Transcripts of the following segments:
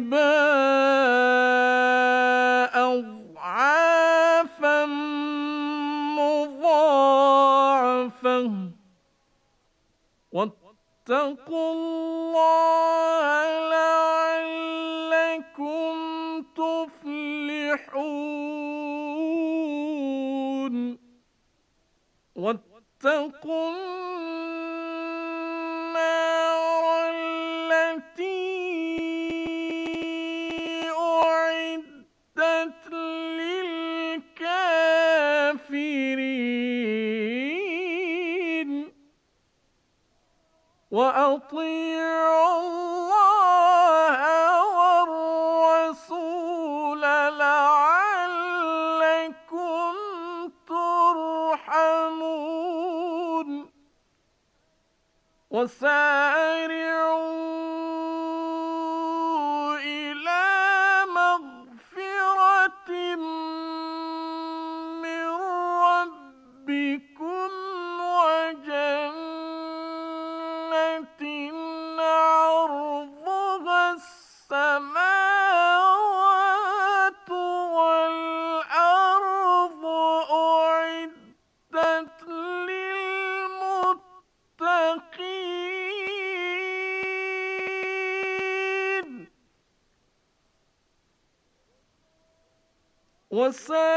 السماء أضعافا مضاعفة واتقوا الله لعلكم تفلحون واتقوا الله وسارع sir.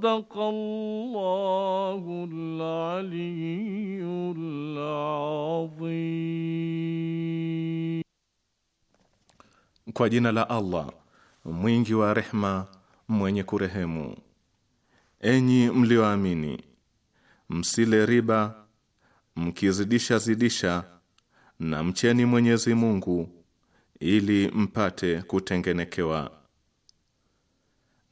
Sadaqallahul aliyyul Kwa jina la Allah mwingi wa rehma mwenye kurehemu. Enyi mlioamini, msile riba, mkizidisha zidisha, na mcheni Mwenyezi Mungu ili mpate kutengenekewa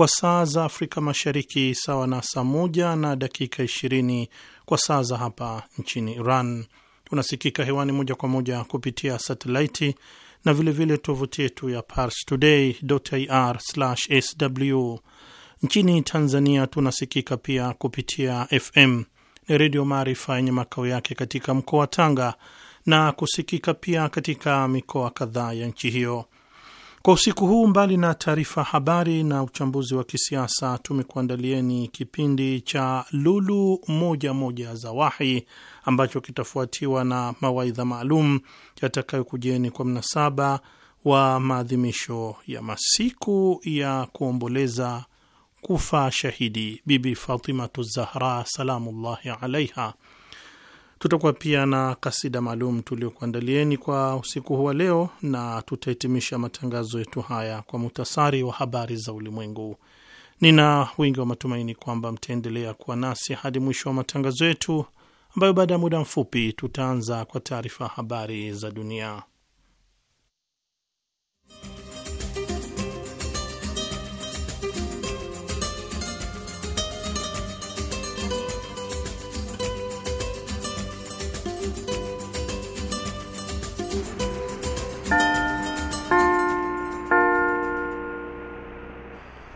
kwa saa za Afrika Mashariki, sawa na saa moja na dakika 20 kwa saa za hapa nchini Iran. Tunasikika hewani moja kwa moja kupitia satelaiti na vilevile tovuti yetu ya parstoday.ir/sw. Nchini Tanzania tunasikika pia kupitia FM ni Redio Maarifa yenye makao yake katika mkoa wa Tanga na kusikika pia katika mikoa kadhaa ya nchi hiyo. Kwa usiku huu, mbali na taarifa habari na uchambuzi wa kisiasa, tumekuandalieni kipindi cha Lulu Moja Moja za Wahi ambacho kitafuatiwa na mawaidha maalum yatakayokujeni kwa mnasaba wa maadhimisho ya masiku ya kuomboleza kufa shahidi Bibi Fatimatu Zahra salamullahi alaiha Tutakuwa pia na kasida maalum tuliokuandalieni kwa usiku huu wa leo, na tutahitimisha matangazo yetu haya kwa muhtasari wa habari za ulimwengu. Nina wingi wa matumaini kwamba mtaendelea kuwa nasi hadi mwisho wa matangazo yetu, ambayo baada ya muda mfupi tutaanza kwa taarifa habari za dunia.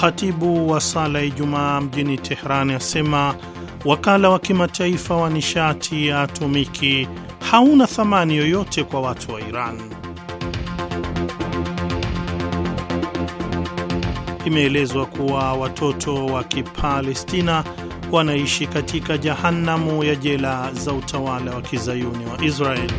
Khatibu wa sala ya Ijumaa mjini tehran asema wakala wa kimataifa wa nishati ya atomiki hauna thamani yoyote kwa watu wa Iran. Imeelezwa kuwa watoto wa Kipalestina wanaishi katika jahannamu ya jela za utawala wa kizayuni wa Israeli.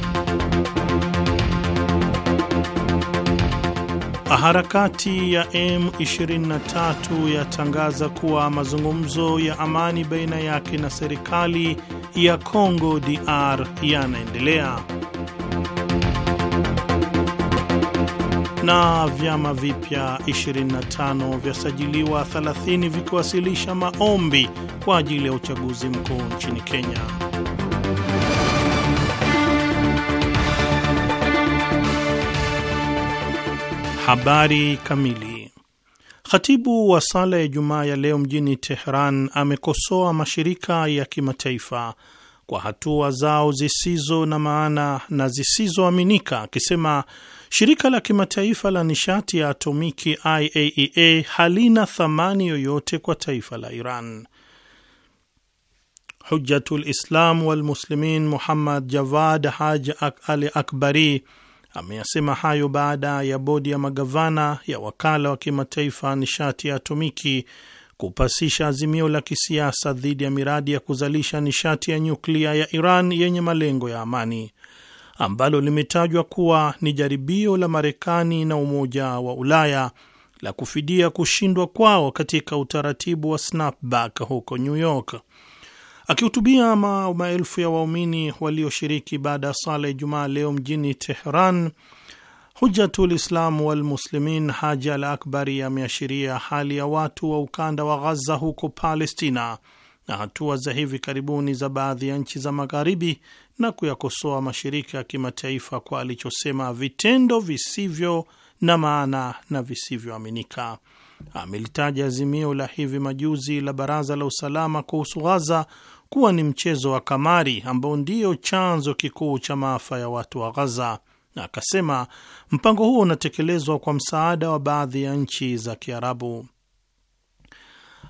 Harakati ya M23 yatangaza kuwa mazungumzo ya amani baina yake na serikali ya Kongo DR yanaendelea. Na vyama vipya 25 vyasajiliwa 30 vikiwasilisha maombi kwa ajili ya uchaguzi mkuu nchini Kenya. Habari kamili. Khatibu wa sala ya Jumaa ya leo mjini Tehran amekosoa mashirika ya kimataifa kwa hatua zao zisizo na maana na zisizoaminika, akisema shirika la kimataifa la nishati ya atomiki IAEA e halina thamani yoyote kwa taifa la Iran. Hujjatul Islam walmuslimin Muhammad Javad Haj Ali Akbari Ameyasema hayo baada ya bodi ya magavana ya wakala wa kimataifa nishati ya atomiki kupasisha azimio la kisiasa dhidi ya miradi ya kuzalisha nishati ya nyuklia ya Iran yenye malengo ya amani ambalo limetajwa kuwa ni jaribio la Marekani na Umoja wa Ulaya la kufidia kushindwa kwao katika utaratibu wa snapback huko New York. Akihutubia ma maelfu ya waumini walioshiriki baada ya sala ya Ijumaa leo mjini Tehran, Hujatul Islam Walmuslimin Haji Al Akbari ameashiria hali ya watu wa ukanda wa Ghaza huko Palestina na hatua za hivi karibuni za baadhi ya nchi za Magharibi na kuyakosoa mashirika ya kimataifa kwa alichosema vitendo visivyo na maana na visivyoaminika. Amelitaja azimio la hivi majuzi la Baraza la Usalama kuhusu Ghaza kuwa ni mchezo wa kamari ambao ndio chanzo kikuu cha maafa ya watu wa Ghaza, na akasema mpango huo unatekelezwa kwa msaada wa baadhi ya nchi za Kiarabu.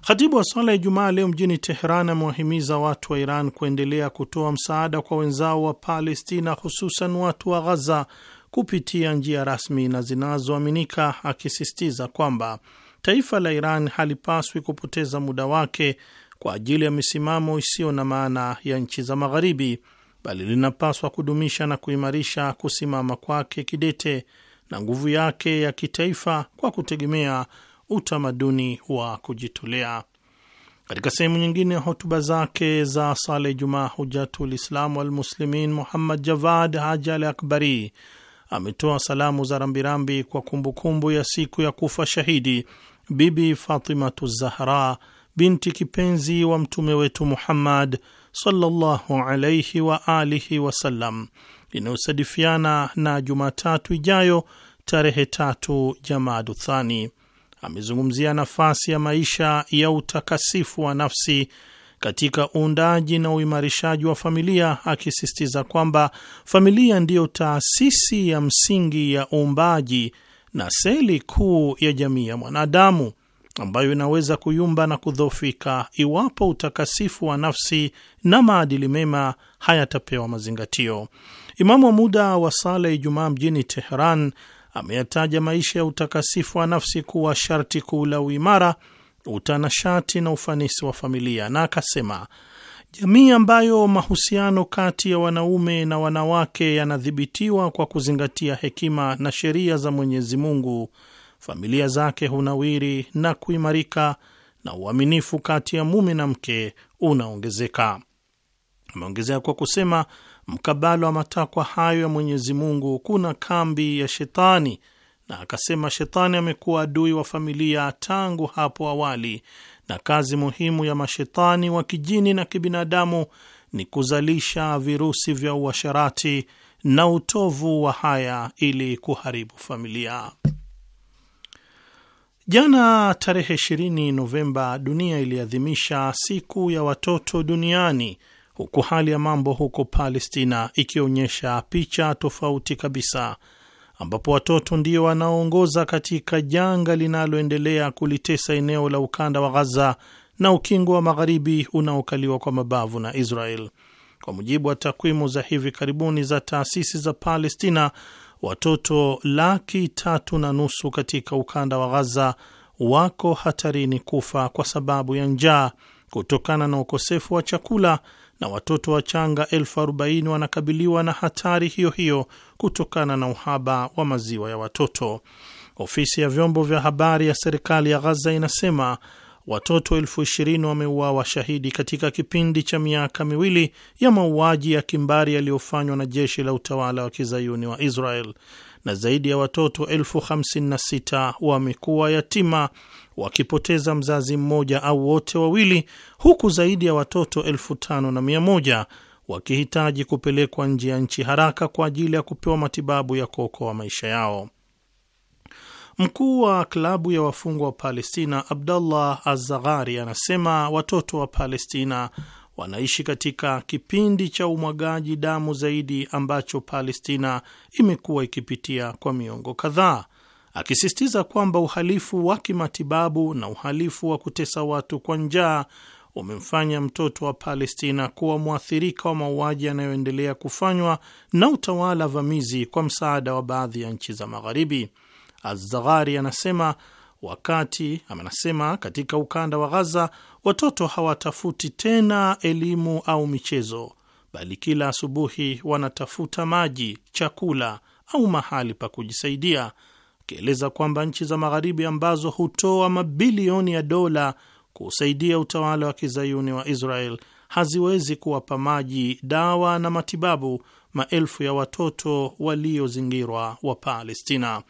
Khatibu wa swala ya Ijumaa leo mjini Teheran amewahimiza watu wa Iran kuendelea kutoa msaada kwa wenzao wa Palestina, hususan watu wa Ghaza kupitia njia rasmi na zinazoaminika, akisisitiza kwamba taifa la Iran halipaswi kupoteza muda wake kwa ajili ya misimamo isiyo na maana ya nchi za Magharibi, bali linapaswa kudumisha na kuimarisha kusimama kwake kidete na nguvu yake ya kitaifa kwa kutegemea utamaduni wa kujitolea. Katika sehemu nyingine ya hotuba zake za sala Ijumaa, Hujatul Islamu Walmuslimin Muhammad Javad Haji Al Akbari ametoa salamu za rambirambi kwa kumbukumbu ya siku ya kufa shahidi Bibi Fatimatu Zahra binti kipenzi wa mtume wetu Muhammad sallallahu alaihi wa alihi wasallam inayosadifiana na Jumatatu ijayo tarehe tatu Jamadu Thani. Amezungumzia nafasi ya maisha ya utakasifu wa nafsi katika uundaji na uimarishaji wa familia, akisisitiza kwamba familia ndiyo taasisi ya msingi ya uumbaji na seli kuu ya jamii ya mwanadamu ambayo inaweza kuyumba na kudhoofika iwapo utakasifu wa nafsi na maadili mema hayatapewa mazingatio. Imamu wa muda wa sala Ijumaa mjini Teheran ameyataja maisha ya utakasifu wa nafsi kuwa sharti kuu la uimara, utanashati na ufanisi wa familia, na akasema jamii ambayo mahusiano kati ya wanaume na wanawake yanadhibitiwa kwa kuzingatia hekima na sheria za Mwenyezi Mungu familia zake hunawiri na kuimarika na uaminifu kati ya mume na mke unaongezeka. Ameongezea kwa kusema, mkabala wa matakwa hayo ya Mwenyezi Mungu kuna kambi ya Shetani, na akasema Shetani amekuwa adui wa familia tangu hapo awali, na kazi muhimu ya mashetani wa kijini na kibinadamu ni kuzalisha virusi vya uasharati na utovu wa haya ili kuharibu familia. Jana tarehe 20 Novemba, dunia iliadhimisha siku ya watoto duniani, huku hali ya mambo huko Palestina ikionyesha picha tofauti kabisa, ambapo watoto ndio wanaoongoza katika janga linaloendelea kulitesa eneo la ukanda wa Ghaza na ukingo wa magharibi unaokaliwa kwa mabavu na Israel. Kwa mujibu wa takwimu za hivi karibuni za taasisi za Palestina, watoto laki tatu na nusu katika ukanda wa Ghaza wako hatarini kufa kwa sababu ya njaa kutokana na ukosefu wa chakula na watoto wachanga elfu arobaini wanakabiliwa na hatari hiyo hiyo kutokana na uhaba wa maziwa ya watoto. Ofisi ya vyombo vya habari ya serikali ya Ghaza inasema watoto elfu ishirini wameuawa shahidi katika kipindi cha miaka miwili ya mauaji ya kimbari yaliyofanywa na jeshi la utawala wa kizayuni wa Israel na zaidi ya watoto elfu hamsini na sita wamekuwa yatima wakipoteza mzazi mmoja au wote wawili, huku zaidi ya watoto elfu tano na mia moja wakihitaji kupelekwa nje ya nchi haraka kwa ajili ya kupewa matibabu ya kuokoa maisha yao. Mkuu wa klabu ya wafungwa wa Palestina abdullah Azaghari anasema watoto wa Palestina wanaishi katika kipindi cha umwagaji damu zaidi ambacho Palestina imekuwa ikipitia kwa miongo kadhaa, akisisitiza kwamba uhalifu wa kimatibabu na uhalifu wa kutesa watu kwa njaa umemfanya mtoto wa Palestina kuwa mwathirika wa mauaji yanayoendelea kufanywa na utawala vamizi kwa msaada wa baadhi ya nchi za Magharibi. Azzaghari anasema wakati anasema, katika ukanda wa Ghaza watoto hawatafuti tena elimu au michezo, bali kila asubuhi wanatafuta maji, chakula au mahali pa kujisaidia, akieleza kwamba nchi za Magharibi ambazo hutoa mabilioni ya dola kusaidia utawala wa kizayuni wa Israel haziwezi kuwapa maji, dawa na matibabu maelfu ya watoto waliozingirwa wa Palestina.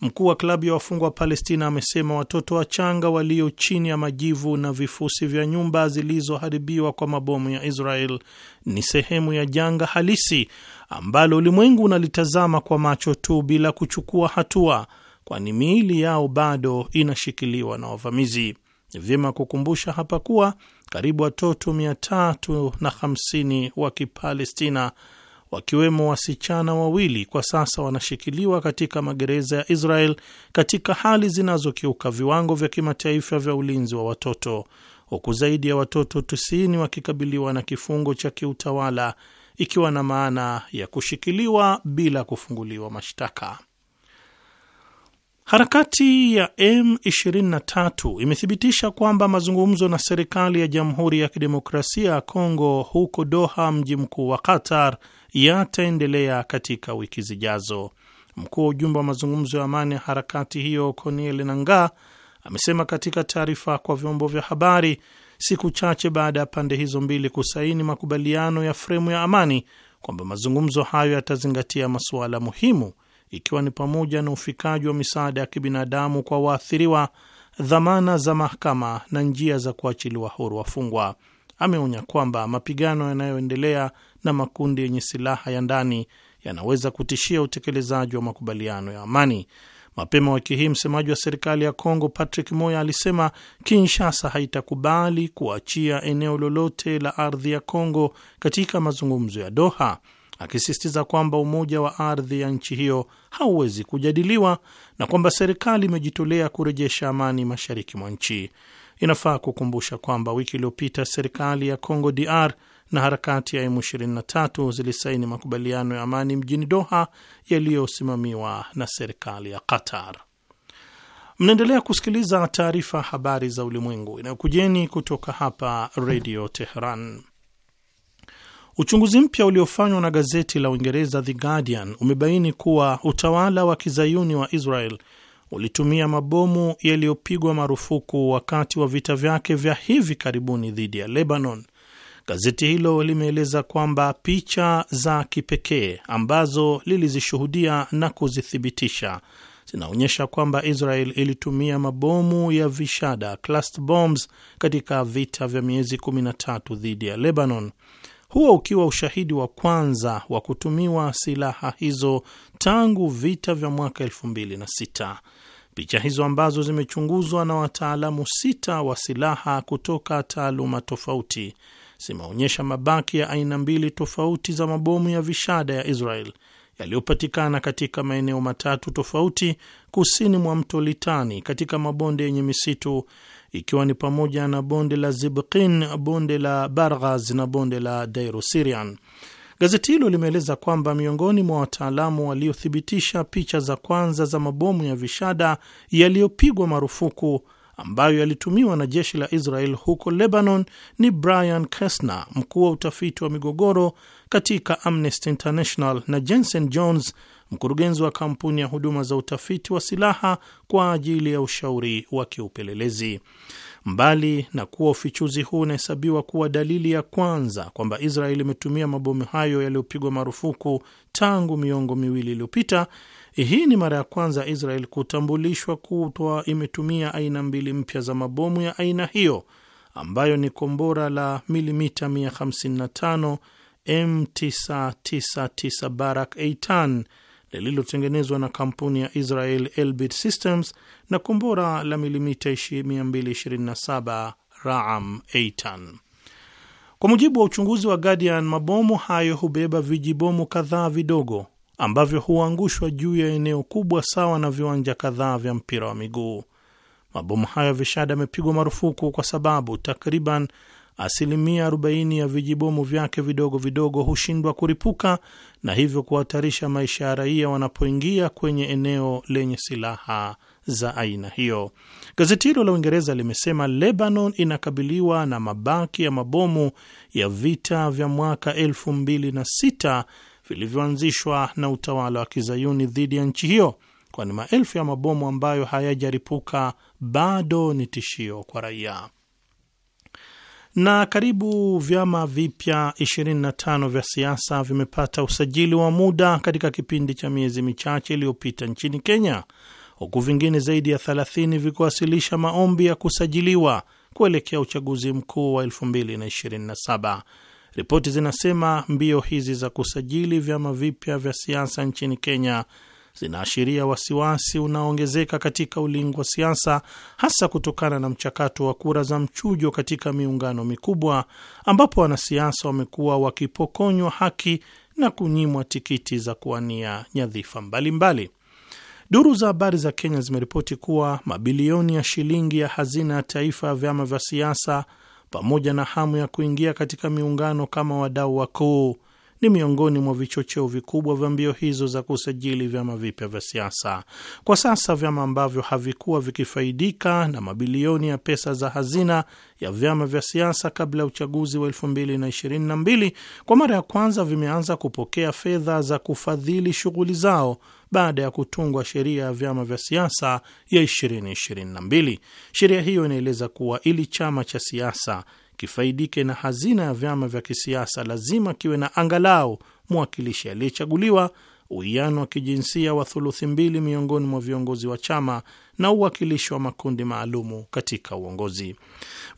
Mkuu wa klabu ya wafungwa wa Palestina amesema watoto wachanga walio chini ya majivu na vifusi vya nyumba zilizoharibiwa kwa mabomu ya Israel ni sehemu ya janga halisi ambalo ulimwengu unalitazama kwa macho tu bila kuchukua hatua, kwani miili yao bado inashikiliwa na wavamizi. Ni vyema kukumbusha hapa kuwa karibu watoto 350 wa Kipalestina wakiwemo wasichana wawili, kwa sasa wanashikiliwa katika magereza ya Israel katika hali zinazokiuka viwango vya kimataifa vya ulinzi wa watoto, huku zaidi ya watoto 90 wakikabiliwa na kifungo cha kiutawala ikiwa na maana ya kushikiliwa bila kufunguliwa mashtaka. Harakati ya M23 imethibitisha kwamba mazungumzo na serikali ya Jamhuri ya Kidemokrasia ya Kongo huko Doha, mji mkuu wa Qatar, yataendelea katika wiki zijazo. Mkuu wa ujumbe wa mazungumzo ya amani ya harakati hiyo Corneille Nangaa amesema katika taarifa kwa vyombo vya habari siku chache baada ya pande hizo mbili kusaini makubaliano ya fremu ya amani kwamba mazungumzo hayo yatazingatia masuala muhimu ikiwa ni pamoja na ufikaji wa misaada ya kibinadamu kwa waathiriwa, dhamana za mahakama na njia za kuachiliwa huru wafungwa. Ameonya kwamba mapigano yanayoendelea na makundi yenye silaha ya ndani yanaweza kutishia utekelezaji wa makubaliano ya amani. Mapema wiki hii msemaji wa serikali ya Kongo Patrick Moya alisema Kinshasa haitakubali kuachia eneo lolote la ardhi ya Kongo katika mazungumzo ya Doha, akisisitiza kwamba umoja wa ardhi ya nchi hiyo hauwezi kujadiliwa na kwamba serikali imejitolea kurejesha amani mashariki mwa nchi. Inafaa kukumbusha kwamba wiki iliyopita serikali ya Kongo DR na harakati ya M23 zilisaini makubaliano ya amani mjini Doha yaliyosimamiwa na serikali ya Qatar. Mnaendelea kusikiliza taarifa habari za ulimwengu inayokujeni kutoka hapa Redio Teheran. Uchunguzi mpya uliofanywa na gazeti la Uingereza The Guardian umebaini kuwa utawala wa kizayuni wa Israel ulitumia mabomu yaliyopigwa marufuku wakati wa vita vyake vya hivi karibuni dhidi ya Lebanon Gazeti hilo limeeleza kwamba picha za kipekee ambazo lilizishuhudia na kuzithibitisha zinaonyesha kwamba Israel ilitumia mabomu ya vishada cluster bombs katika vita vya miezi 13 dhidi ya Lebanon, huo ukiwa ushahidi wa kwanza wa kutumiwa silaha hizo tangu vita vya mwaka 2006. Picha hizo ambazo zimechunguzwa na wataalamu sita wa silaha kutoka taaluma tofauti zimeonyesha mabaki ya aina mbili tofauti za mabomu ya vishada ya Israel yaliyopatikana katika maeneo matatu tofauti kusini mwa mto Litani katika mabonde yenye misitu ikiwa ni pamoja na bonde la Zibqin, bonde la Barghaz na bonde la Dairusirian. Gazeti hilo limeeleza kwamba miongoni mwa wataalamu waliothibitisha picha za kwanza za mabomu ya vishada yaliyopigwa marufuku ambayo yalitumiwa na jeshi la Israel huko Lebanon ni Brian Kessner, mkuu wa utafiti wa migogoro katika Amnesty International, na Jensen Jones, mkurugenzi wa kampuni ya huduma za utafiti wa silaha kwa ajili ya ushauri wa kiupelelezi. Mbali na kuwa ufichuzi huu unahesabiwa kuwa dalili ya kwanza kwamba israel imetumia mabomu hayo yaliyopigwa marufuku tangu miongo miwili iliyopita, hii ni mara ya kwanza Israel kutambulishwa kutwa imetumia aina mbili mpya za mabomu ya aina hiyo ambayo ni kombora la milimita 155 M999 Barak Eitan lililotengenezwa na kampuni ya Israel Elbit Systems na kombora la milimita 227 Raam Eitan. Kwa mujibu wa uchunguzi wa Guardian, mabomu hayo hubeba vijibomu kadhaa vidogo ambavyo huangushwa juu ya eneo kubwa sawa na viwanja kadhaa vya mpira wa miguu. Mabomu hayo ya vishada yamepigwa marufuku kwa sababu takriban asilimia 40 ya vijibomu vyake vidogo vidogo hushindwa kuripuka na hivyo kuhatarisha maisha ya raia wanapoingia kwenye eneo lenye silaha za aina hiyo. Gazeti hilo la Uingereza limesema Lebanon inakabiliwa na mabaki ya mabomu ya vita vya mwaka 2006 vilivyoanzishwa na utawala wa kizayuni dhidi ya nchi hiyo, kwani maelfu ya mabomu ambayo hayajaripuka bado ni tishio kwa raia. Na karibu vyama vipya 25 vya siasa vimepata usajili wa muda katika kipindi cha miezi michache iliyopita nchini Kenya, huku vingine zaidi ya 30 vikiwasilisha maombi ya kusajiliwa kuelekea uchaguzi mkuu wa 2027. Ripoti zinasema mbio hizi za kusajili vyama vipya vya siasa nchini Kenya zinaashiria wasiwasi unaoongezeka katika ulingo wa siasa, hasa kutokana na mchakato wa kura za mchujo katika miungano mikubwa, ambapo wanasiasa wamekuwa wakipokonywa haki na kunyimwa tikiti za kuwania nyadhifa mbalimbali Duru za habari za Kenya zimeripoti kuwa mabilioni ya shilingi ya hazina ya taifa ya vyama vya siasa pamoja na hamu ya kuingia katika miungano kama wadau wakuu ni miongoni mwa vichocheo vikubwa vya mbio hizo za kusajili vyama vipya vya siasa. Kwa sasa vyama ambavyo havikuwa vikifaidika na mabilioni ya pesa za hazina ya vyama vya siasa kabla ya uchaguzi wa 2022 kwa mara ya kwanza vimeanza kupokea fedha za kufadhili shughuli zao baada ya kutungwa sheria ya vyama vya siasa ya 2022. Sheria hiyo inaeleza kuwa ili chama cha siasa kifaidike na hazina ya vyama vya kisiasa, lazima kiwe na angalau mwakilishi aliyechaguliwa, uwiano wa kijinsia wa thuluthi mbili miongoni mwa viongozi wa chama na uwakilishi wa makundi maalumu katika uongozi.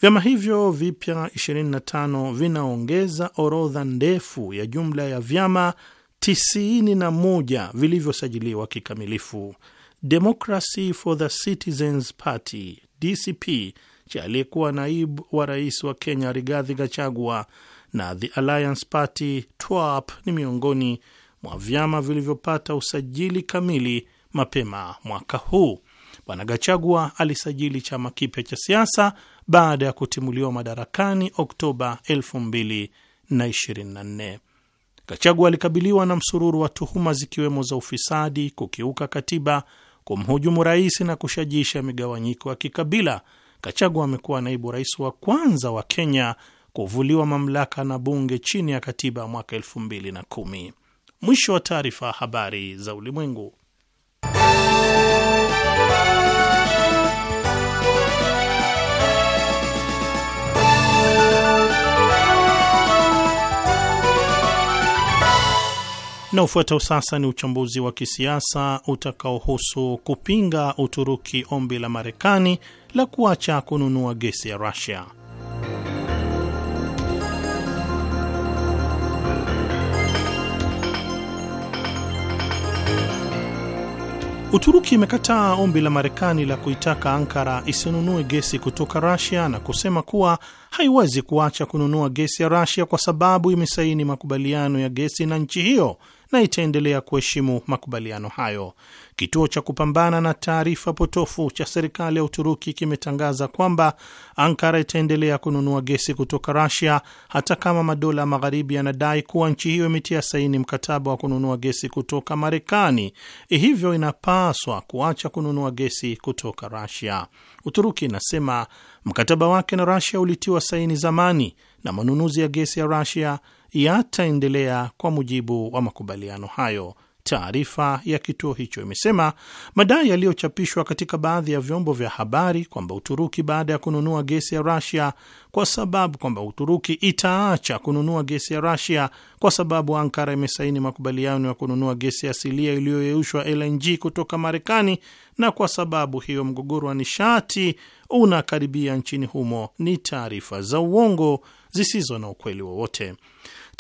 Vyama hivyo vipya 25 vinaongeza orodha ndefu ya jumla ya vyama 91 vilivyosajiliwa kikamilifu. Democracy for the Citizens Party DCP cha aliyekuwa naibu wa rais wa Kenya Rigathi Gachagua na The Alliance Party TWAP ni miongoni mwa vyama vilivyopata usajili kamili mapema mwaka huu. Bwana Gachagua alisajili chama kipya cha siasa baada ya kutimuliwa madarakani Oktoba 2024. Gachagua alikabiliwa na msururu wa tuhuma zikiwemo za ufisadi, kukiuka katiba, kumhujumu rais na kushajisha migawanyiko ya kikabila. Gachagua amekuwa naibu rais wa kwanza wa Kenya kuvuliwa mamlaka na bunge chini ya katiba mwaka elfu mbili na kumi. Mwisho wa taarifa. Habari za Ulimwengu. Na ufuatao sasa ni uchambuzi wa kisiasa utakaohusu kupinga Uturuki ombi la Marekani la kuacha kununua gesi ya Rusia. Uturuki imekataa ombi la Marekani la kuitaka Ankara isinunue gesi kutoka Rasia na kusema kuwa haiwezi kuacha kununua gesi ya Rasia kwa sababu imesaini makubaliano ya gesi na nchi hiyo na itaendelea kuheshimu makubaliano hayo. Kituo cha kupambana na taarifa potofu cha serikali ya Uturuki kimetangaza kwamba Ankara itaendelea kununua gesi kutoka rasia hata kama madola magharibi yanadai kuwa nchi hiyo imetia saini mkataba wa kununua gesi kutoka Marekani, hivyo inapaswa kuacha kununua gesi kutoka rasia Uturuki inasema mkataba wake na rasia ulitiwa saini zamani na manunuzi ya gesi ya rasia yataendelea kwa mujibu wa makubaliano hayo. Taarifa ya kituo hicho imesema madai yaliyochapishwa katika baadhi ya vyombo vya habari kwamba Uturuki baada ya kununua gesi ya rasia kwa sababu kwamba Uturuki itaacha kununua gesi ya rasia kwa sababu Ankara imesaini makubaliano ya kununua gesi asilia iliyoyeyushwa LNG kutoka Marekani, na kwa sababu hiyo mgogoro wa nishati unakaribia nchini humo ni taarifa za uongo zisizo na ukweli wowote.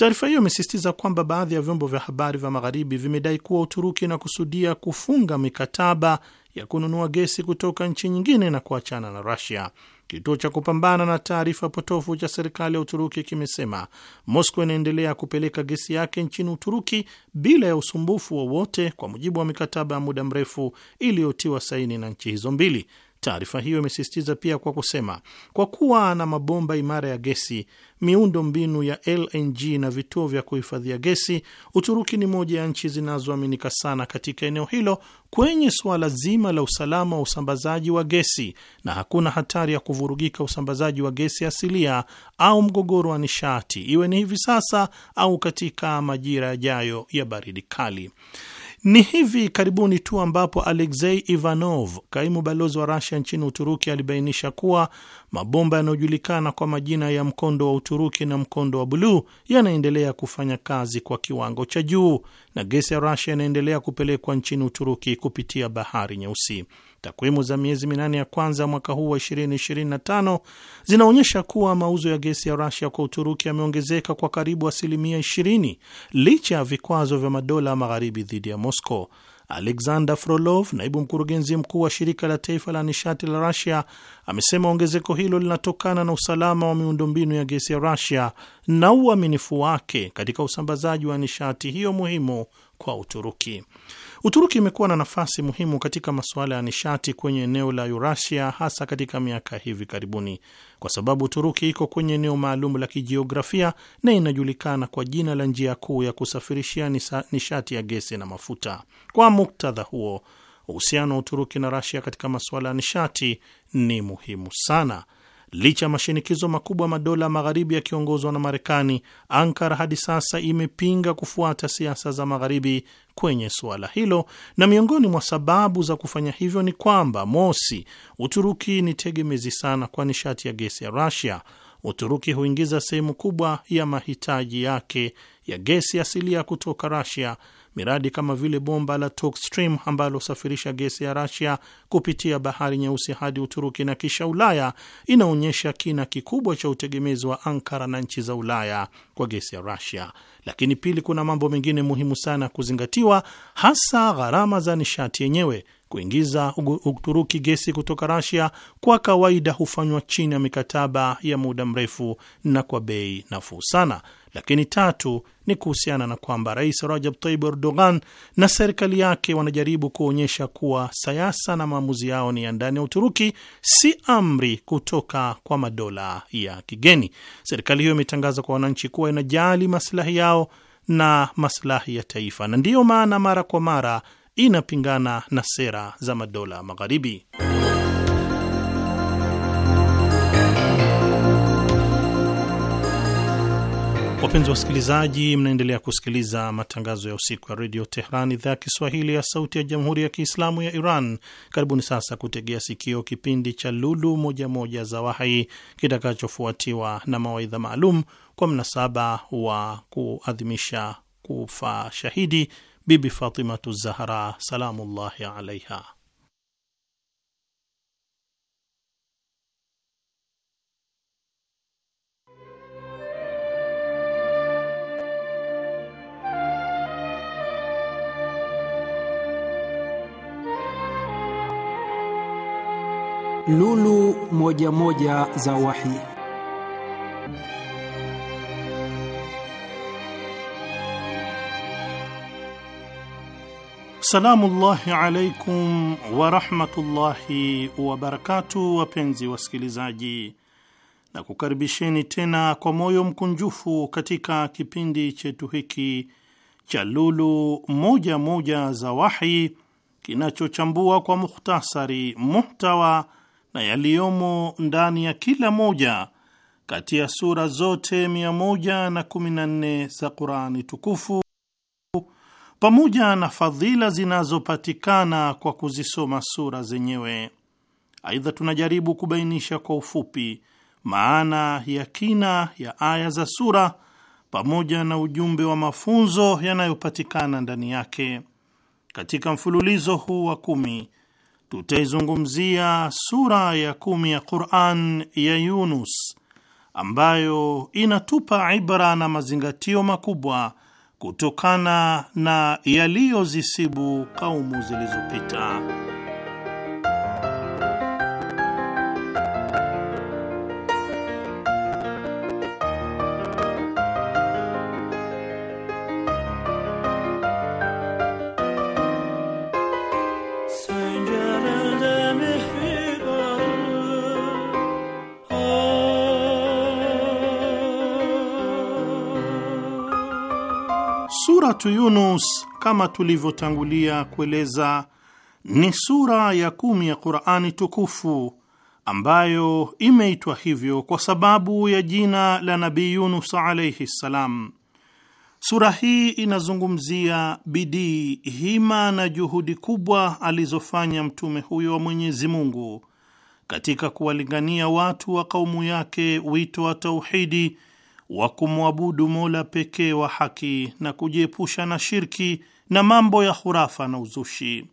Taarifa hiyo imesisitiza kwamba baadhi ya vyombo vya habari vya magharibi vimedai kuwa Uturuki inakusudia kufunga mikataba ya kununua gesi kutoka nchi nyingine na kuachana na Rusia. Kituo cha kupambana na taarifa potofu cha serikali ya Uturuki kimesema Moscow inaendelea kupeleka gesi yake nchini Uturuki bila ya usumbufu wowote, kwa mujibu wa mikataba ya muda mrefu iliyotiwa saini na nchi hizo mbili. Taarifa hiyo imesisitiza pia kwa kusema, kwa kuwa na mabomba imara ya gesi, miundo mbinu ya LNG na vituo vya kuhifadhia gesi, Uturuki ni moja ya nchi zinazoaminika sana katika eneo hilo kwenye suala zima la usalama wa usambazaji wa gesi, na hakuna hatari ya kuvurugika usambazaji wa gesi asilia au mgogoro wa nishati, iwe ni hivi sasa au katika majira yajayo ya baridi kali. Ni hivi karibuni tu ambapo Alexei Ivanov, kaimu balozi wa rasia nchini Uturuki, alibainisha kuwa mabomba yanayojulikana kwa majina ya mkondo wa Uturuki na mkondo wa buluu yanaendelea kufanya kazi kwa kiwango cha juu na gesi ya Rusia inaendelea kupelekwa nchini Uturuki kupitia Bahari Nyeusi. Takwimu za miezi minane ya kwanza mwaka huu wa 2025 zinaonyesha kuwa mauzo ya gesi ya rasia kwa Uturuki yameongezeka kwa karibu asilimia 20 licha ya vikwazo vya madola magharibi dhidi ya Moscow. Alexander Frolov, naibu mkurugenzi mkuu wa shirika la taifa la nishati la rasia amesema ongezeko hilo linatokana na usalama wa miundombinu ya gesi ya rasia na uaminifu wake katika usambazaji wa nishati hiyo muhimu kwa Uturuki. Uturuki imekuwa na nafasi muhimu katika masuala ya nishati kwenye eneo la Urasia, hasa katika miaka hivi karibuni, kwa sababu Uturuki iko kwenye eneo maalum la kijiografia na inajulikana kwa jina la njia kuu ya kusafirishia nishati ya gesi na mafuta. Kwa muktadha huo, uhusiano wa Uturuki na Rasia katika masuala ya nishati ni muhimu sana. Licha ya mashinikizo makubwa madola magharibi yakiongozwa na Marekani, Ankara hadi sasa imepinga kufuata siasa za magharibi kwenye suala hilo, na miongoni mwa sababu za kufanya hivyo ni kwamba, mosi, Uturuki ni tegemezi sana kwa nishati ya gesi ya Rusia. Uturuki huingiza sehemu kubwa ya mahitaji yake ya gesi asilia kutoka Rusia Miradi kama vile bomba la Turk Stream ambalo husafirisha gesi ya Rasia kupitia bahari nyeusi hadi Uturuki na kisha Ulaya inaonyesha kina kikubwa cha utegemezi wa Ankara na nchi za Ulaya kwa gesi ya Rasia. Lakini pili, kuna mambo mengine muhimu sana kuzingatiwa, hasa gharama za nishati yenyewe. Kuingiza Uturuki gesi kutoka Rasia kwa kawaida hufanywa chini ya mikataba ya muda mrefu na kwa bei nafuu sana. Lakini tatu ni kuhusiana na kwamba Rais Rajab Tayyip Erdogan na serikali yake wanajaribu kuonyesha kuwa siasa na maamuzi yao ni ya ndani ya Uturuki, si amri kutoka kwa madola ya kigeni. Serikali hiyo imetangaza kwa wananchi kuwa inajali maslahi yao na maslahi ya taifa, na ndiyo maana mara kwa mara inapingana na sera za madola magharibi. Wapenzi wasikilizaji, mnaendelea kusikiliza matangazo ya usiku ya redio Tehran, idhaa ya Kiswahili ya sauti ya jamhuri ya kiislamu ya Iran. Karibuni sasa kutegea sikio kipindi cha Lulu Moja Moja za Wahai kitakachofuatiwa na mawaidha maalum kwa mnasaba wa kuadhimisha kufa shahidi Bibi Fatimatu Zahra salamullahi alaiha. Lulu moja moja za Wahi. llahi alaikum warahmatullahi wabarakatu, wapenzi wasikilizaji, na kukaribisheni tena kwa moyo mkunjufu katika kipindi chetu hiki cha Lulu moja moja za Wahi kinachochambua kwa mukhtasari muhtawa na yaliyomo ndani ya kila moja kati ya sura zote 114 za Qurani tukufu pamoja na fadhila zinazopatikana kwa kuzisoma sura zenyewe. Aidha, tunajaribu kubainisha kwa ufupi maana ya kina ya aya za sura pamoja na ujumbe wa mafunzo yanayopatikana ndani yake. Katika mfululizo huu wa kumi tutaizungumzia sura ya kumi ya Quran ya Yunus ambayo inatupa ibra na mazingatio makubwa kutokana na yaliyozisibu kaumu zilizopita. Suratu Yunus, kama tulivyotangulia kueleza, ni sura ya kumi ya Qur'ani tukufu ambayo imeitwa hivyo kwa sababu ya jina la Nabii Yunus alayhi ssalam. Sura hii inazungumzia bidii, hima na juhudi kubwa alizofanya mtume huyo wa Mwenyezi Mungu katika kuwalingania watu wa kaumu yake wito wa tauhidi wa kumwabudu Mola pekee wa haki na kujiepusha na shirki na mambo ya hurafa na uzushi.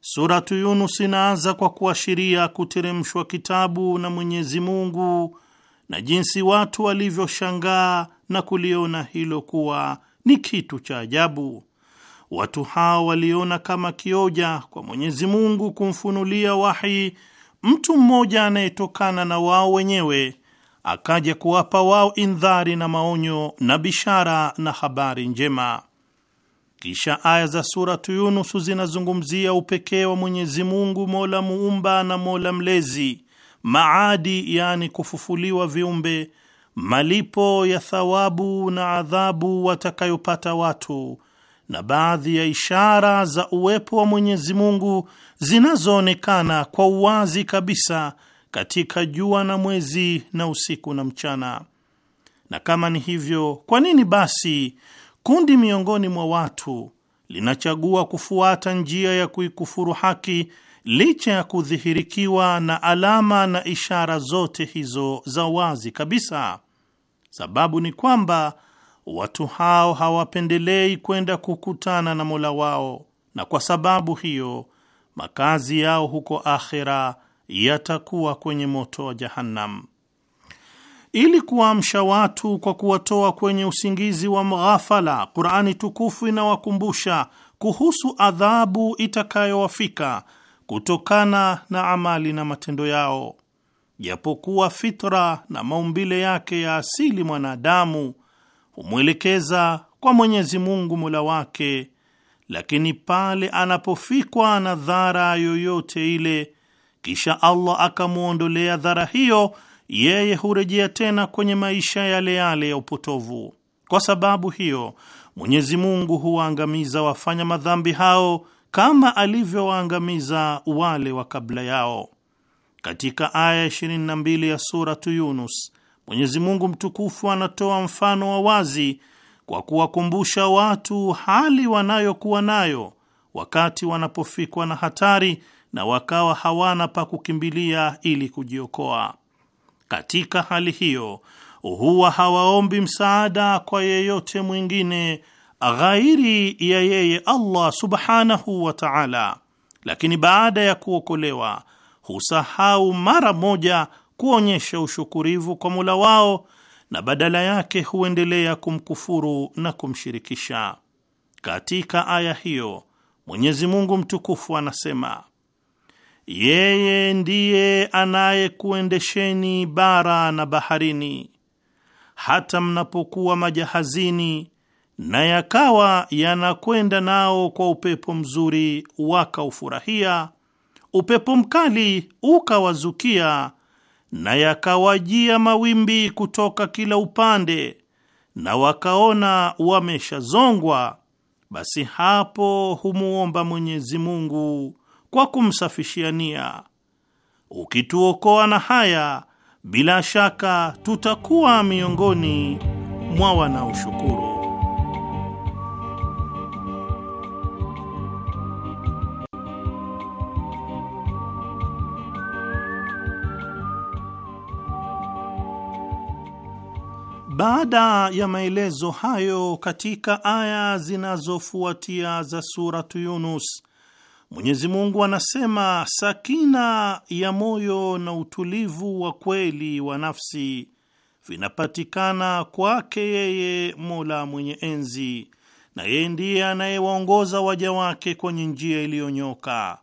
Suratu Yunus inaanza kwa kuashiria kuteremshwa kitabu na Mwenyezi Mungu na jinsi watu walivyoshangaa na kuliona hilo kuwa ni kitu cha ajabu. Watu hao waliona kama kioja kwa Mwenyezi Mungu kumfunulia wahi mtu mmoja anayetokana na wao wenyewe akaja kuwapa wao indhari na maonyo na bishara na habari njema. Kisha aya za Suratu Yunusu zinazungumzia upekee wa Mwenyezi Mungu, mola muumba na mola mlezi, maadi yani kufufuliwa viumbe, malipo ya thawabu na adhabu watakayopata watu na baadhi ya ishara za uwepo wa Mwenyezi Mungu zinazoonekana kwa uwazi kabisa katika jua na mwezi na usiku na mchana. Na kama ni hivyo, kwa nini basi kundi miongoni mwa watu linachagua kufuata njia ya kuikufuru haki licha ya kudhihirikiwa na alama na ishara zote hizo za wazi kabisa? Sababu ni kwamba watu hao hawapendelei kwenda kukutana na Mola wao, na kwa sababu hiyo makazi yao huko akhera yatakuwa kwenye moto wa Jahannam. Ili kuwaamsha watu kwa kuwatoa kwenye usingizi wa mghafala, Qur'ani tukufu inawakumbusha kuhusu adhabu itakayowafika kutokana na amali na matendo yao. Japokuwa fitra na maumbile yake ya asili mwanadamu humwelekeza kwa Mwenyezi Mungu Mola wake, lakini pale anapofikwa na dhara yoyote ile kisha Allah akamwondolea dhara hiyo, yeye hurejea tena kwenye maisha yale yale ya upotovu. Kwa sababu hiyo Mwenyezi Mungu huwaangamiza wafanya madhambi hao kama alivyowaangamiza wale wa kabla yao. Katika aya 22 ya suratu Yunus, Mwenyezi Mungu mtukufu anatoa mfano wa wazi kwa kuwakumbusha watu hali wanayokuwa nayo wakati wanapofikwa na hatari na wakawa hawana pa kukimbilia ili kujiokoa. Katika hali hiyo, huwa hawaombi msaada kwa yeyote mwingine ghairi ya yeye Allah subhanahu wa ta'ala, lakini baada ya kuokolewa husahau mara moja kuonyesha ushukurivu kwa Mola wao na badala yake huendelea kumkufuru na kumshirikisha. Katika aya hiyo Mwenyezi Mungu mtukufu anasema: yeye ndiye anayekuendesheni bara na baharini, hata mnapokuwa majahazini, na yakawa yanakwenda nao kwa upepo mzuri, wakaufurahia. Upepo mkali ukawazukia, na yakawajia mawimbi kutoka kila upande, na wakaona wameshazongwa, basi hapo humuomba Mwenyezi Mungu kwa kumsafishia nia. Ukituokoa na haya, bila shaka tutakuwa miongoni mwa wanaoshukuru. Baada ya maelezo hayo katika aya zinazofuatia za Suratu Yunus, Mwenyezi Mungu anasema, sakina ya moyo na utulivu wa kweli wa nafsi vinapatikana kwake yeye Mola mwenye enzi, na yeye ndiye anayewaongoza waja wake kwenye njia iliyonyoka.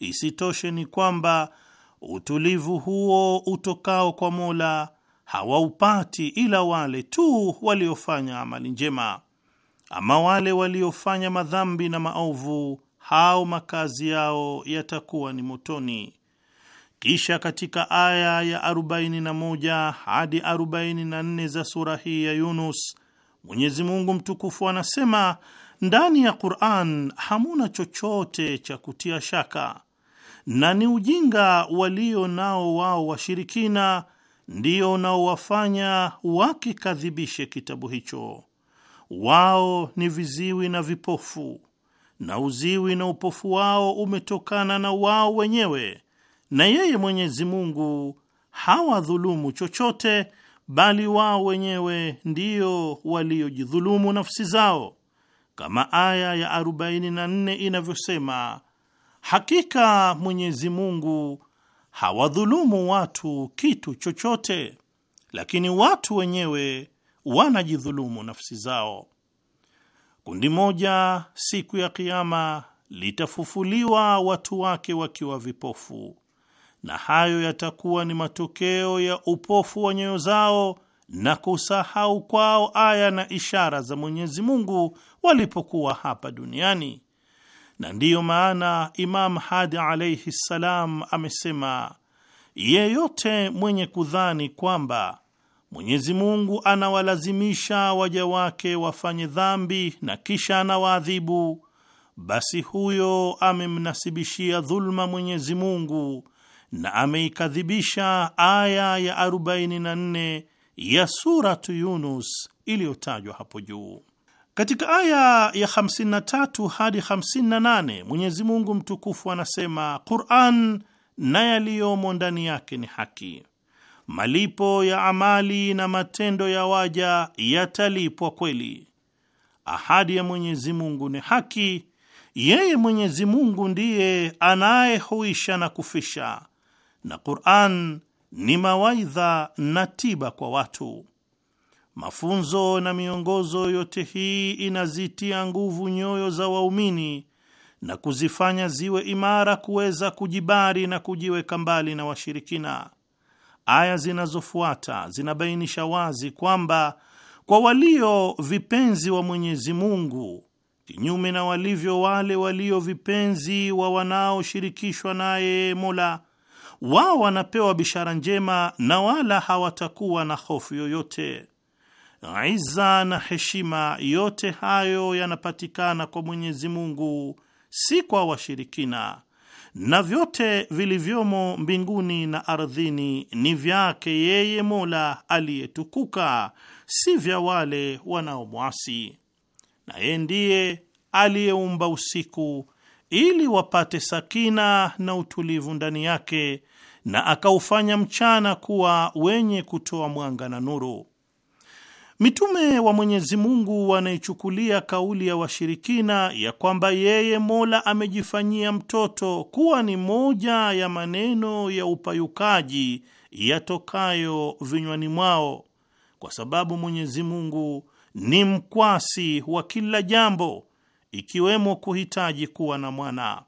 Isitoshe ni kwamba utulivu huo utokao kwa Mola hawaupati ila wale tu waliofanya amali njema. Ama wale waliofanya madhambi na maovu hao makazi yao yatakuwa ni motoni. Kisha katika aya ya 41 hadi 44 za sura hii ya Yunus, Mwenyezi Mungu mtukufu anasema ndani ya Qur'an hamuna chochote cha kutia shaka, na ni ujinga walio nao wao washirikina ndio unaowafanya wakikadhibishe kitabu hicho. Wao ni viziwi na vipofu na uziwi na upofu wao umetokana na wao wenyewe, na yeye Mwenyezi Mungu hawadhulumu chochote, bali wao wenyewe ndio waliojidhulumu nafsi zao, kama aya ya 44 inavyosema, hakika Mwenyezi Mungu hawadhulumu watu kitu chochote, lakini watu wenyewe wanajidhulumu nafsi zao. Kundi moja siku ya Kiama litafufuliwa watu wake wakiwa vipofu, na hayo yatakuwa ni matokeo ya upofu wa nyoyo zao na kusahau kwao aya na ishara za Mwenyezi Mungu walipokuwa hapa duniani. Na ndiyo maana Imam Hadi alaihi ssalam amesema, yeyote mwenye kudhani kwamba Mwenyezi Mungu anawalazimisha waja wake wafanye dhambi na kisha anawaadhibu, basi huyo amemnasibishia dhulma Mwenyezi Mungu na ameikadhibisha aya ya 44 ya Suratu Yunus iliyotajwa hapo juu. Katika aya ya 53 hadi 58 Mwenyezi Mungu mtukufu anasema, Qur'an na yaliyomo ndani yake ni haki malipo ya amali na matendo ya waja yatalipwa kweli. Ahadi ya Mwenyezi Mungu ni haki. Yeye Mwenyezi Mungu ndiye anayehuisha na kufisha, na Qur'an ni mawaidha na tiba kwa watu. Mafunzo na miongozo yote hii inazitia nguvu nyoyo za waumini na kuzifanya ziwe imara kuweza kujibari na kujiweka mbali na washirikina. Aya zinazofuata zinabainisha wazi kwamba kwa walio vipenzi wa Mwenyezi Mungu, kinyume na walivyo wale walio vipenzi wa wanaoshirikishwa naye Mola wao, wanapewa bishara njema na wala hawatakuwa na hofu yoyote. Iza na heshima yote hayo yanapatikana kwa Mwenyezi Mungu, si kwa washirikina na vyote vilivyomo mbinguni na ardhini ni vyake yeye Mola aliyetukuka, si vya wale wanaomwasi. Na ndiye aliyeumba usiku ili wapate sakina na utulivu ndani yake, na akaufanya mchana kuwa wenye kutoa mwanga na nuru. Mitume wa Mwenyezi Mungu wanaichukulia kauli ya washirikina ya kwamba yeye Mola amejifanyia mtoto kuwa ni moja ya maneno ya upayukaji yatokayo vinywani mwao, kwa sababu Mwenyezi Mungu ni mkwasi wa kila jambo, ikiwemo kuhitaji kuwa na mwana,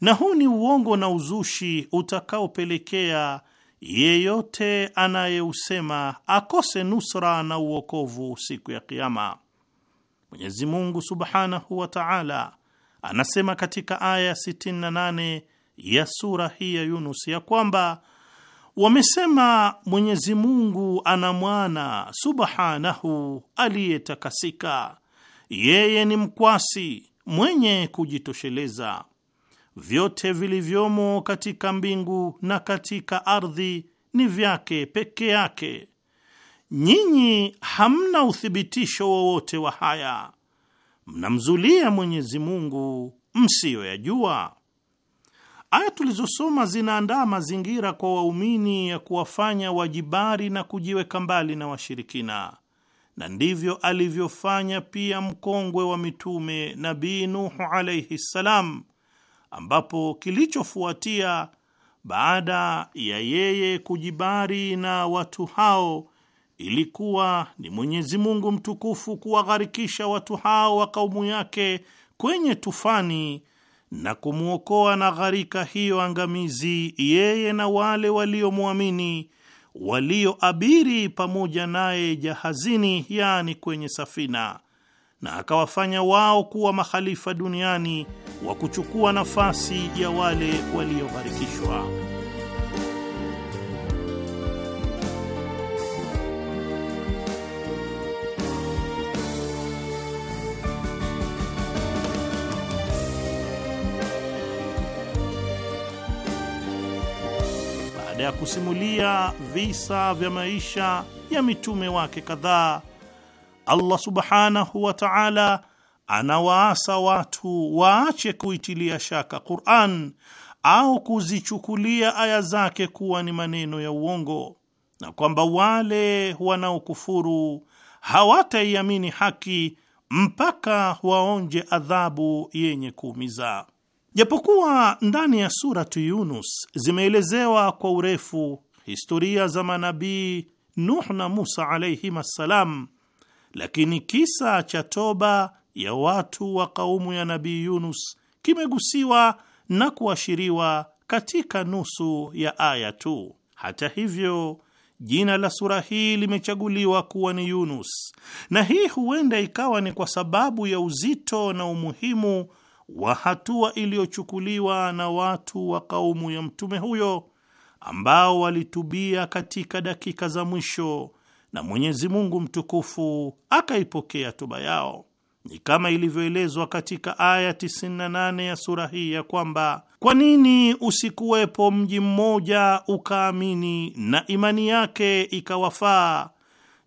na huu ni uongo na uzushi utakaopelekea yeyote anayeusema akose nusra na uokovu siku ya Kiama. Mwenyezi Mungu subhanahu wa taala anasema katika aya 68 ya sura hii ya Yunus ya kwamba wamesema Mwenyezi Mungu ana mwana subhanahu, aliyetakasika, yeye ni mkwasi mwenye kujitosheleza vyote vilivyomo katika mbingu na katika ardhi ni vyake peke yake, nyinyi hamna uthibitisho wowote wa haya, mnamzulia Mwenyezi Mungu msiyoyajua. Aya tulizosoma zinaandaa mazingira kwa waumini ya kuwafanya wajibari na kujiweka mbali na washirikina, na ndivyo alivyofanya pia mkongwe wa mitume Nabii Nuhu alaihi ssalam ambapo kilichofuatia baada ya yeye kujibari na watu hao ilikuwa ni Mwenyezi Mungu mtukufu kuwagharikisha watu hao wa kaumu yake kwenye tufani na kumwokoa na gharika hiyo angamizi, yeye na wale waliomwamini walioabiri pamoja naye jahazini, yaani kwenye safina na akawafanya wao kuwa makhalifa duniani wa kuchukua nafasi ya wale waliobarikishwa. Baada ya kusimulia visa vya maisha ya mitume wake kadhaa Allah subhanahu wa ta'ala anawaasa watu waache kuitilia shaka Qur'an au kuzichukulia aya zake kuwa ni maneno ya uongo na kwamba wale wanaokufuru hawataiamini haki mpaka waonje adhabu yenye kuumiza. Japokuwa ndani ya suratu Yunus zimeelezewa kwa urefu historia za manabii Nuh na Musa alayhim assalam lakini kisa cha toba ya watu wa kaumu ya Nabii Yunus kimegusiwa na kuashiriwa katika nusu ya aya tu. Hata hivyo, jina la sura hii limechaguliwa kuwa ni Yunus, na hii huenda ikawa ni kwa sababu ya uzito na umuhimu wa hatua iliyochukuliwa na watu wa kaumu ya mtume huyo ambao walitubia katika dakika za mwisho na Mwenyezi Mungu mtukufu akaipokea toba yao. Ni kama ilivyoelezwa katika aya 98 ya sura hii ya kwamba kwa nini usikuwepo mji mmoja ukaamini na imani yake ikawafaa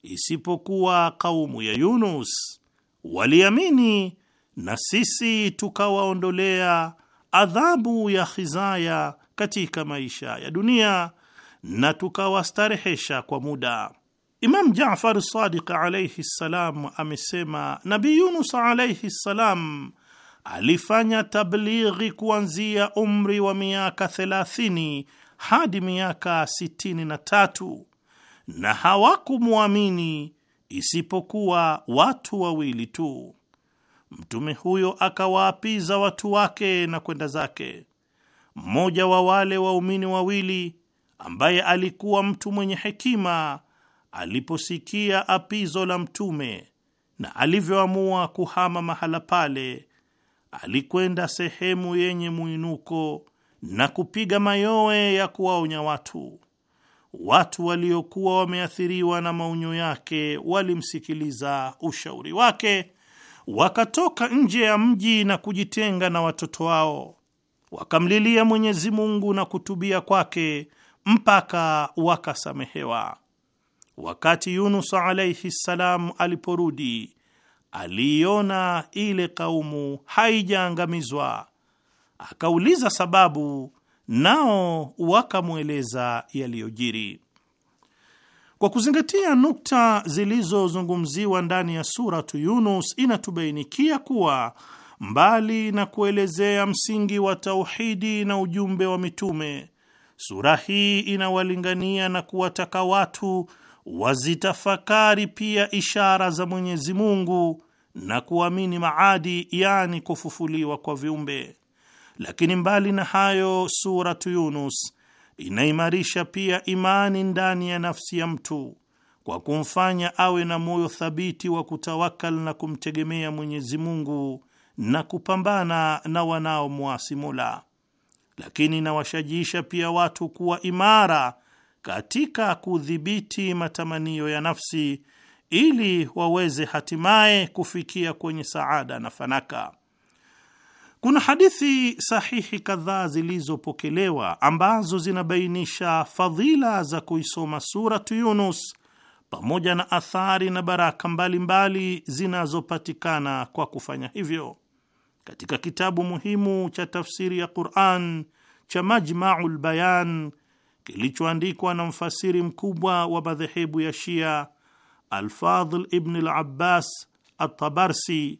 isipokuwa kaumu ya Yunus? Waliamini na sisi tukawaondolea adhabu ya khizaya katika maisha ya dunia na tukawastarehesha kwa muda Imam Jafar Sadiq alaihi ssalam amesema Nabi Yunus alaihi ssalam alifanya tablighi kuanzia umri wa miaka 30 hadi miaka 63 na hawakumwamini isipokuwa watu wawili tu. Mtume huyo akawaapiza watu wake na kwenda zake. Mmoja wa wale waumini wawili ambaye alikuwa mtu mwenye hekima aliposikia apizo la Mtume na alivyoamua kuhama mahala pale, alikwenda sehemu yenye mwinuko na kupiga mayowe ya kuwaonya watu. Watu waliokuwa wameathiriwa na maonyo yake walimsikiliza ushauri wake, wakatoka nje ya mji na kujitenga na watoto wao, wakamlilia Mwenyezi Mungu na kutubia kwake mpaka wakasamehewa. Wakati Yunus alaihi ssalam aliporudi, aliiona ile kaumu haijaangamizwa, akauliza sababu, nao wakamweleza yaliyojiri. Kwa kuzingatia nukta zilizozungumziwa ndani ya suratu Yunus, inatubainikia kuwa mbali na kuelezea msingi wa tauhidi na ujumbe wa mitume, sura hii inawalingania na kuwataka watu wazitafakari pia ishara za Mwenyezi Mungu na kuamini maadi, yani kufufuliwa kwa viumbe. Lakini mbali na hayo, Suratu Yunus inaimarisha pia imani ndani ya nafsi ya mtu kwa kumfanya awe na moyo thabiti wa kutawakal na kumtegemea Mwenyezi Mungu na kupambana na wanaomwasi Mola, lakini inawashajiisha pia watu kuwa imara katika kudhibiti matamanio ya nafsi ili waweze hatimaye kufikia kwenye saada na fanaka. Kuna hadithi sahihi kadhaa zilizopokelewa ambazo zinabainisha fadhila za kuisoma Suratu Yunus pamoja na athari na baraka mbalimbali zinazopatikana kwa kufanya hivyo. Katika kitabu muhimu cha tafsiri ya Quran cha Majmaul Bayan kilichoandikwa na mfasiri mkubwa wa madhehebu ya Shia Alfadhl ibn al Atabarsi,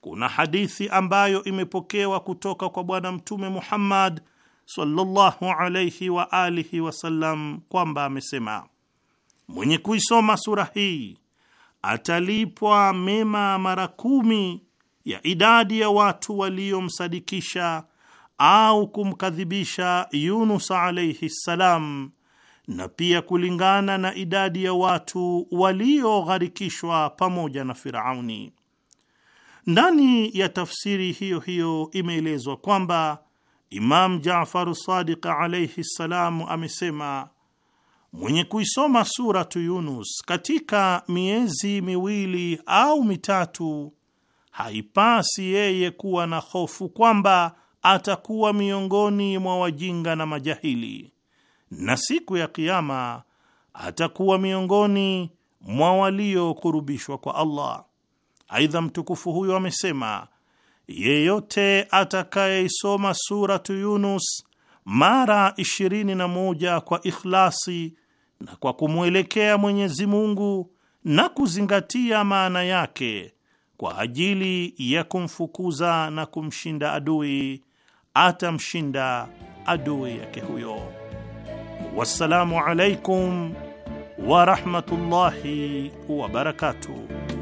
kuna hadithi ambayo imepokewa kutoka kwa Bwana Mtume Muhammad sallallahu alayhi wa alihi wasallam kwamba amesema, mwenye kuisoma sura hii atalipwa mema mara kumi ya idadi ya watu waliomsadikisha au kumkadhibisha Yunus alayhi ssalam, na pia kulingana na idadi ya watu waliogharikishwa pamoja na Firauni. Ndani ya tafsiri hiyo hiyo imeelezwa kwamba Imam Jafaru Sadiq alayhi ssalam amesema mwenye kuisoma Suratu Yunus katika miezi miwili au mitatu haipasi yeye kuwa na hofu kwamba atakuwa miongoni mwa wajinga na majahili, na siku ya Kiama atakuwa miongoni mwa waliokurubishwa kwa Allah. Aidha, mtukufu huyo amesema, yeyote atakayeisoma Suratu Yunus mara 21 kwa ikhlasi na kwa kumwelekea Mwenyezi Mungu na kuzingatia maana yake kwa ajili ya kumfukuza na kumshinda adui atamshinda adui yake huyo. Wassalamu alaikum warahmatullahi wabarakatuh.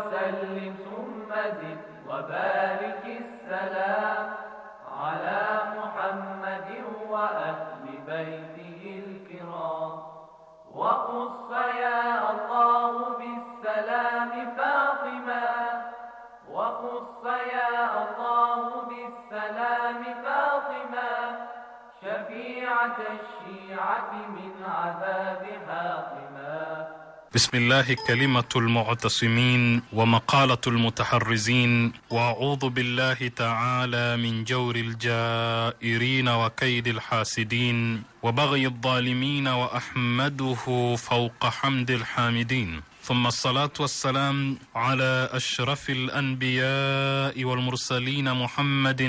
وسلم ثم زد وبارك السلام على محمد وأهل بيته الكرام وقص يا الله بالسلام فاطمة وقص يا الله بالسلام فاطمة شفيعة الشيعة من عذاب حاطمة بسم الله كلمة المعتصمين ومقالة المتحرزين وأعوذ بالله تعالى من جور الجائرين وكيد الحاسدين وبغي الظالمين وأحمده فوق حمد الحامدين ثم الصلاة والسلام على أشرف الأنبياء والمرسلين محمد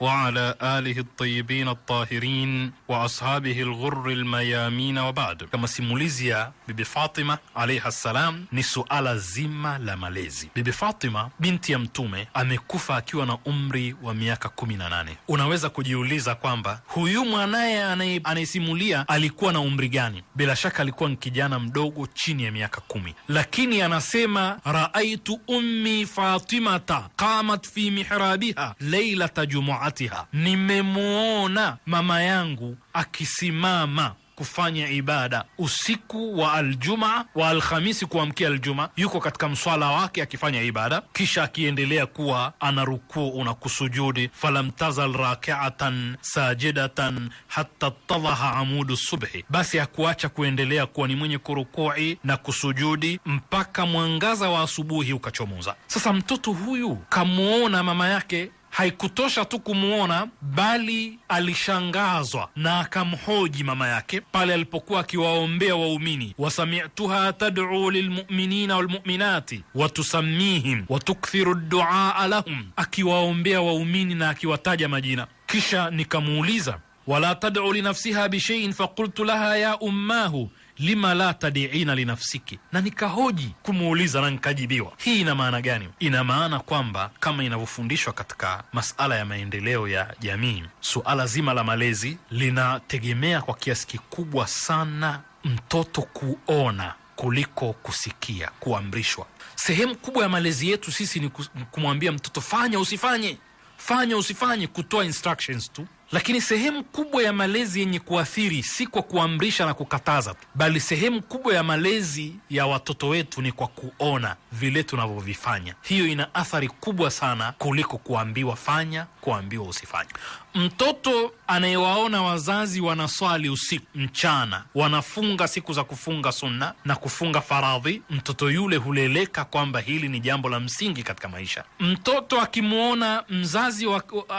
وعلى alihi at-tayyibin at-tahirin wa ashabihi al-ghurr al-mayamin wa ba'd. Kama simulizi ya Bibi Fatima alayha salam ni suala zima la malezi. Bibi Fatima binti ya Mtume amekufa akiwa na umri wa miaka 18. Unaweza kujiuliza kwamba huyu mwanaye anayesimulia alikuwa na umri gani? Bila shaka alikuwa ni kijana mdogo chini ya miaka kumi, lakini anasema raaitu ummi Fatimata qamat fi mihrabiha lailata jumua taatiha, nimemwona mama yangu akisimama kufanya ibada usiku wa aljuma wa Alhamisi kuamkia aljumaa, yuko katika mswala wake akifanya ibada, kisha akiendelea kuwa ana rukuu na kusujudi. falam tazal rakiatan sajidatan hatta tadaha amudu subhi, basi hakuacha kuendelea kuwa ni mwenye kurukui na kusujudi mpaka mwangaza wa asubuhi ukachomoza. Sasa mtoto huyu kamwona mama yake haikutosha tu kumwona, bali alishangazwa na akamhoji mama yake pale alipokuwa akiwaombea waumini, wasamituha tad'u lilmuminina walmuminati watusammihim watukthiru duaa lahum, akiwaombea waumini na akiwataja majina. Kisha nikamuuliza wala tad'u linafsiha bishaiin fakultu laha ya ummahu lima la tadiina linafsiki, na nikahoji kumuuliza na nikajibiwa. Hii ina maana gani? Ina maana kwamba kama inavyofundishwa katika masala ya maendeleo ya jamii, suala zima la malezi linategemea kwa kiasi kikubwa sana mtoto kuona kuliko kusikia, kuamrishwa. Sehemu kubwa ya malezi yetu sisi ni kumwambia mtoto fanya, usifanye, fanya, usifanye, kutoa instructions tu lakini sehemu kubwa ya malezi yenye kuathiri si kwa kuamrisha na kukataza tu, bali sehemu kubwa ya malezi ya watoto wetu ni kwa kuona vile tunavyovifanya. Hiyo ina athari kubwa sana kuliko kuambiwa fanya, kuambiwa usifanye mtoto anayewaona wazazi wanaswali usiku mchana, wanafunga siku za kufunga sunna na kufunga faradhi, mtoto yule huleleka kwamba hili ni jambo la msingi katika maisha. Mtoto akimwona mzazi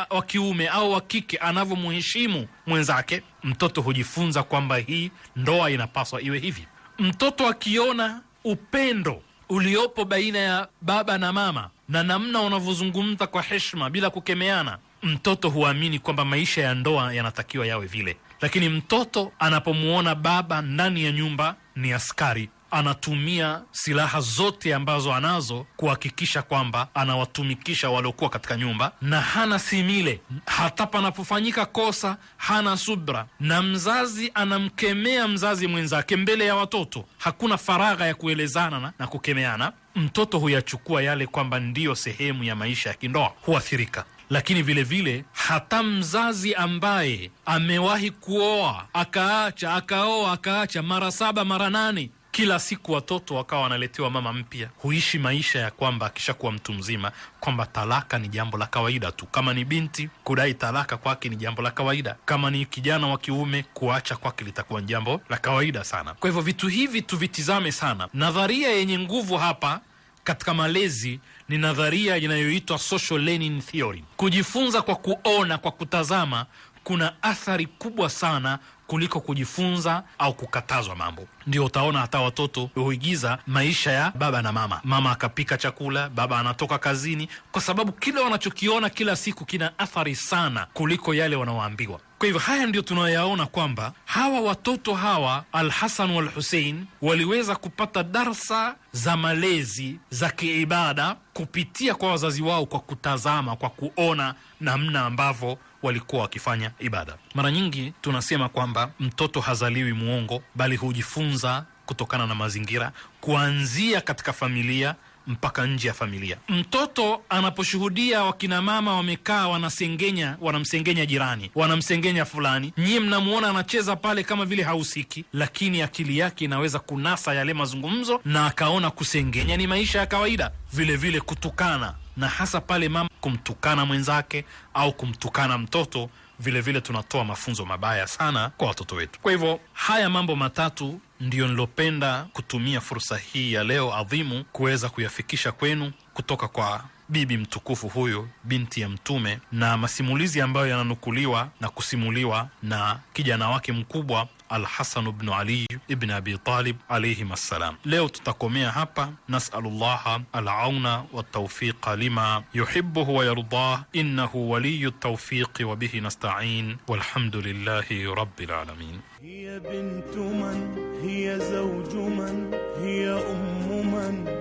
wa kiume au wa kike anavyomheshimu mwenzake, mtoto hujifunza kwamba hii ndoa inapaswa iwe hivi. Mtoto akiona upendo uliopo baina ya baba na mama na namna wanavyozungumza kwa heshima bila kukemeana mtoto huamini kwamba maisha ya ndoa yanatakiwa yawe vile, lakini mtoto anapomwona baba ndani ya nyumba ni askari anatumia silaha zote ambazo anazo kuhakikisha kwamba anawatumikisha waliokuwa katika nyumba, na hana simile, hata panapofanyika kosa hana subra, na mzazi anamkemea mzazi mwenzake mbele ya watoto. Hakuna faragha ya kuelezana na, na kukemeana. Mtoto huyachukua yale kwamba ndiyo sehemu ya maisha ya kindoa, huathirika lakini vilevile vile, hata mzazi ambaye amewahi kuoa akaacha, akaoa akaacha mara saba mara nane kila siku watoto wakawa wanaletewa mama mpya, huishi maisha ya kwamba akishakuwa mtu mzima kwamba talaka ni jambo la kawaida tu. Kama ni binti, kudai talaka kwake ni jambo la kawaida. Kama ni kijana wa kiume, kuacha kwake litakuwa ni jambo la kawaida sana. Kwa hivyo vitu hivi tuvitizame sana. Nadharia yenye nguvu hapa katika malezi ni nadharia inayoitwa social learning theory. Kujifunza kwa kuona, kwa kutazama, kuna athari kubwa sana kuliko kujifunza au kukatazwa mambo. Ndio utaona hata watoto huigiza maisha ya baba na mama, mama akapika chakula, baba anatoka kazini, kwa sababu kile wanachokiona kila siku kina athari sana kuliko yale wanaoambiwa. Kwa hivyo haya ndiyo tunayaona kwamba hawa watoto hawa al hasan wal Husein waliweza kupata darsa za malezi za kiibada kupitia kwa wazazi wao, kwa kutazama, kwa kuona namna ambavyo walikuwa wakifanya ibada. Mara nyingi tunasema kwamba mtoto hazaliwi mwongo bali hujifunza kutokana na mazingira, kuanzia katika familia mpaka nje ya familia. Mtoto anaposhuhudia wakinamama wamekaa wanasengenya, wanamsengenya jirani, wanamsengenya fulani, nyie mnamwona anacheza pale kama vile hahusiki, lakini akili yake inaweza kunasa yale mazungumzo na akaona kusengenya ni maisha ya kawaida. Vilevile vile kutukana, na hasa pale mama kumtukana mwenzake au kumtukana mtoto vilevile vile tunatoa mafunzo mabaya sana kwa watoto wetu. Kwa hivyo haya mambo matatu ndiyo nilopenda kutumia fursa hii ya leo adhimu kuweza kuyafikisha kwenu kutoka kwa bibi mtukufu huyu binti ya Mtume na masimulizi ambayo yananukuliwa na kusimuliwa na kijana wake mkubwa الحسن بن علي بن أبي طالب عليهما السلام ليو تتكومي هابا نسأل الله العون والتوفيق لما يحبه ويرضاه إنه ولي التوفيق وبه نستعين والحمد لله رب العالمين هي بنت من هي زوج من هي أم من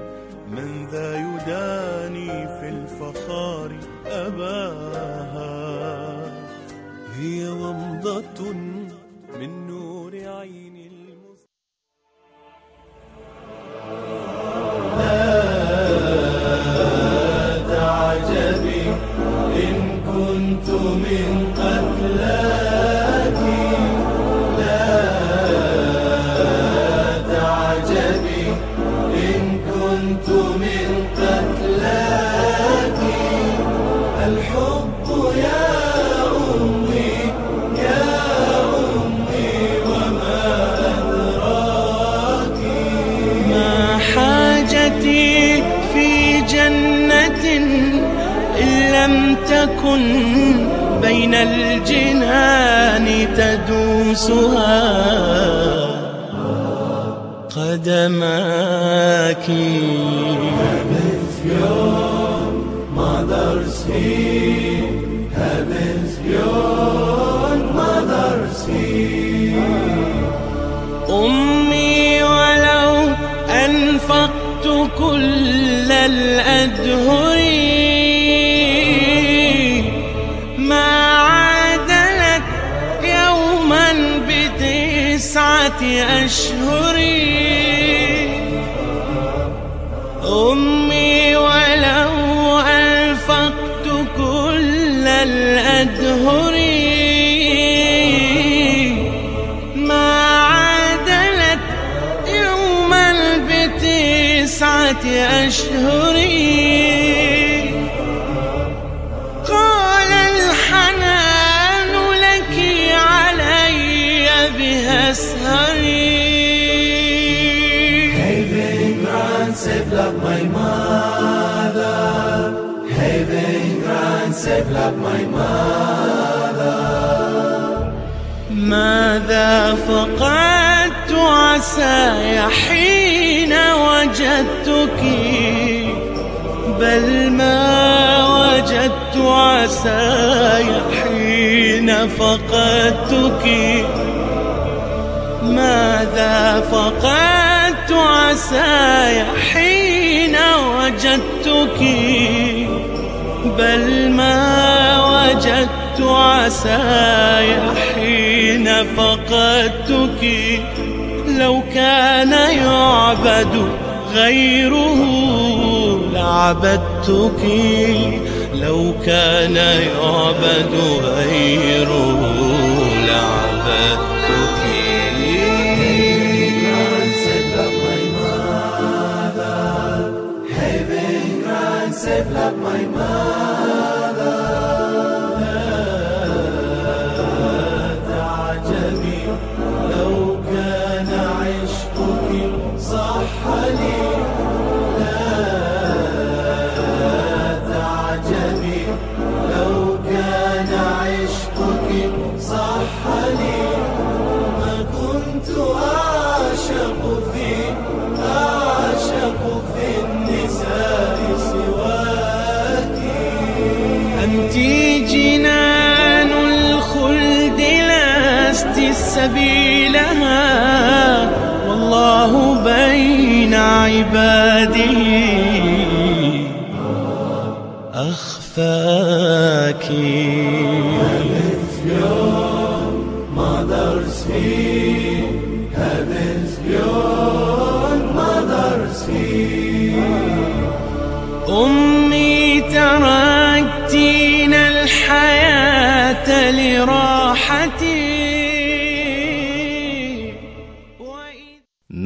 من ذا يداني في الفخار أباها هي ومضة من تكن بين الجنان تدوسها قدماك أمي ولو أنفقت كل الأدهر أشهد my mother ماذا فقدت عسى حين وجدتك بل ما وجدت عسى حين فقدتك ماذا فقدت عسى حين وجدتك بل ما وجدت عساي حين فقدتك لو كان يعبد غيره لعبدتك لو كان يعبد غيره لعبدتك انت جنان الخلد لست سبيلها والله بين عباده أخفاكِ